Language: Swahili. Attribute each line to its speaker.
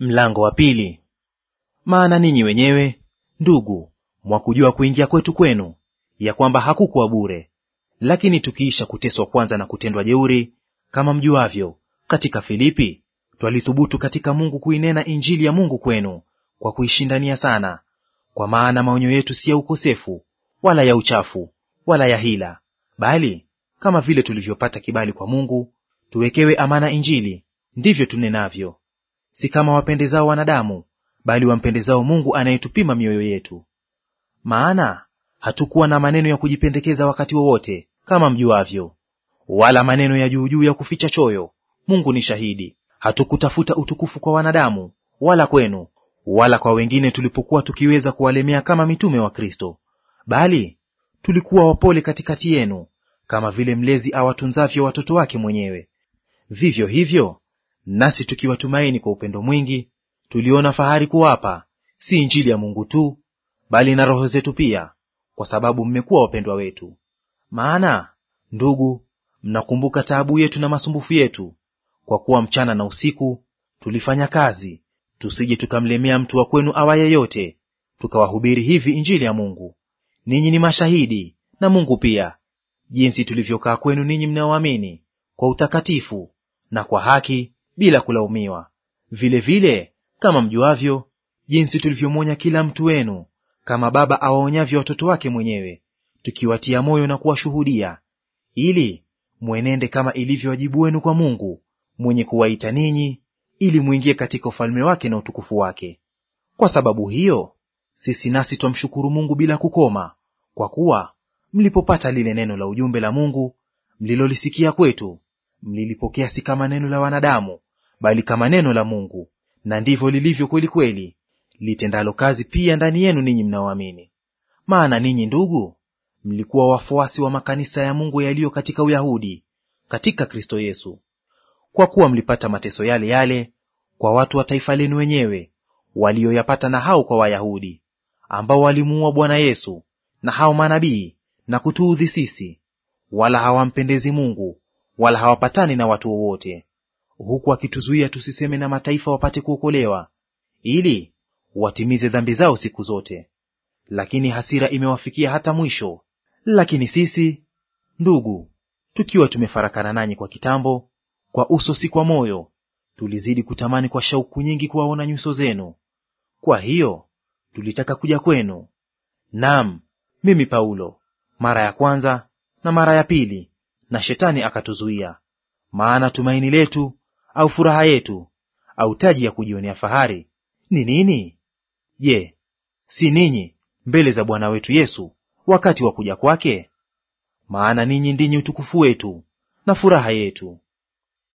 Speaker 1: Mlango wa pili. Maana ninyi wenyewe ndugu, mwakujua kuingia kwetu kwenu ya kwamba hakukuwa bure. Lakini tukiisha kuteswa kwanza na kutendwa jeuri, kama mjuavyo, katika Filipi twalithubutu katika Mungu kuinena injili ya Mungu kwenu kwa kuishindania sana. Kwa maana maonyo yetu si ya ukosefu wala ya uchafu wala ya hila, bali kama vile tulivyopata kibali kwa Mungu tuwekewe amana injili, ndivyo tunenavyo si kama wapendezao wanadamu, bali wampendezao Mungu anayetupima mioyo yetu. Maana hatukuwa na maneno ya kujipendekeza wakati wowote, kama mjuavyo, wala maneno ya juujuu ya kuficha choyo. Mungu ni shahidi, hatukutafuta utukufu kwa wanadamu, wala kwenu, wala kwa wengine, tulipokuwa tukiweza kuwalemea kama mitume wa Kristo, bali tulikuwa wapole katikati yenu, kama vile mlezi awatunzavyo watoto wake mwenyewe. Vivyo hivyo Nasi tukiwatumaini kwa upendo mwingi, tuliona fahari kuwapa si injili ya Mungu tu, bali na roho zetu pia, kwa sababu mmekuwa wapendwa wetu. Maana ndugu, mnakumbuka taabu yetu na masumbufu yetu, kwa kuwa mchana na usiku tulifanya kazi, tusije tukamlemea mtu wa kwenu awa yeyote tukawahubiri hivi injili ya Mungu. Ninyi ni mashahidi na Mungu pia, jinsi tulivyokaa kwenu ninyi mnaoamini, kwa utakatifu na kwa haki bila kulaumiwa. Vilevile vile kama mjuavyo, jinsi tulivyomwonya kila mtu wenu, kama baba awaonyavyo watoto wake mwenyewe, tukiwatia moyo na kuwashuhudia, ili mwenende kama ilivyo wajibu wenu kwa Mungu mwenye kuwaita ninyi ili mwingie katika ufalme wake na utukufu wake. Kwa sababu hiyo sisi nasi twamshukuru Mungu bila kukoma, kwa kuwa mlipopata lile neno la ujumbe la Mungu mlilolisikia kwetu, mlilipokea si kama neno la wanadamu, bali kama neno la Mungu, na ndivyo lilivyo kweli kweli, litendalo kazi pia ndani yenu ninyi mnaoamini. Maana ninyi ndugu, mlikuwa wafuasi wa makanisa ya Mungu yaliyo katika Uyahudi katika Kristo Yesu, kwa kuwa mlipata mateso yale yale kwa watu wa taifa lenu wenyewe walioyapata na hao kwa Wayahudi, ambao walimuua Bwana Yesu na hao manabii na kutuudhi sisi, wala hawampendezi Mungu wala hawapatani na watu wowote huku akituzuia tusiseme na mataifa wapate kuokolewa, ili watimize dhambi zao siku zote. Lakini hasira imewafikia hata mwisho. Lakini sisi ndugu, tukiwa tumefarakana nanyi kwa kitambo, kwa uso si kwa moyo, tulizidi kutamani kwa shauku nyingi kuwaona nyuso zenu. Kwa hiyo tulitaka kuja kwenu. nam mimi Paulo, mara ya kwanza na mara ya pili, na Shetani akatuzuia. Maana tumaini letu au furaha yetu au taji ya kujionea fahari ni nini? Je, si ninyi mbele za Bwana wetu Yesu wakati wa kuja kwake? Maana ninyi ndinyi utukufu wetu na furaha yetu.